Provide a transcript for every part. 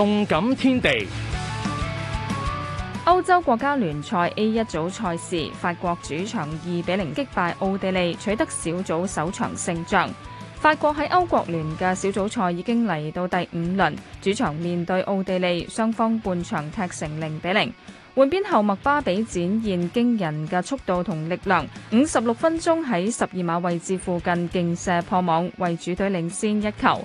動感天地。歐洲國家聯賽 A 一組賽事，法國主場二比零擊敗奧地利，取得小組首場勝仗。法國喺歐國聯嘅小組賽已經嚟到第五輪，主場面對奧地利，雙方半場踢成零比零。換邊後，麥巴比展現驚人嘅速度同力量，五十六分鐘喺十二碼位置附近勁射破網，為主隊領先一球。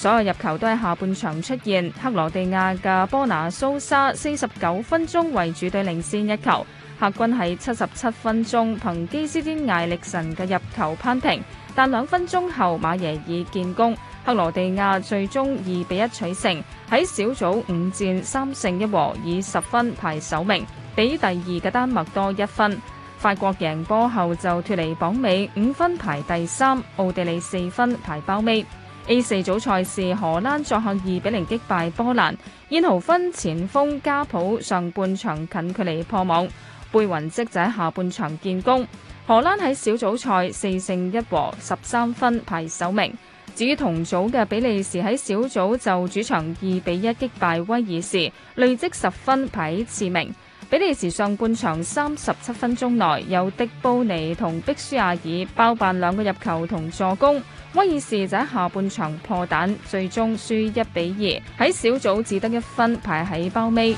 所有入球都喺下半場出現，克羅地亞嘅波拿蘇沙四十九分鐘為主隊領先一球，客軍喺七十七分鐘憑基斯丁艾力神嘅入球扳平，但兩分鐘後馬耶爾建功，克羅地亞最終二比一取勝，喺小組五戰三勝一和，以十分排首名，比第二嘅丹麥多一分。法國贏波後就脫離榜尾，五分排第三，奧地利四分排包尾。A 四組賽事，荷蘭作客二比零擊敗波蘭，燕豪芬前鋒加普上半場近距離破網，貝雲積就喺下半場建功。荷蘭喺小組賽四勝一和十三分排首名，至於同組嘅比利時喺小組就主場二比一擊敗威爾士，累積十分排次名。比利時上半場三十七分鐘內有迪布尼同碧舒亞爾包辦兩個入球同助攻，威爾士就喺下半場破蛋，最終輸一比二，喺小組只得一分，排喺包尾。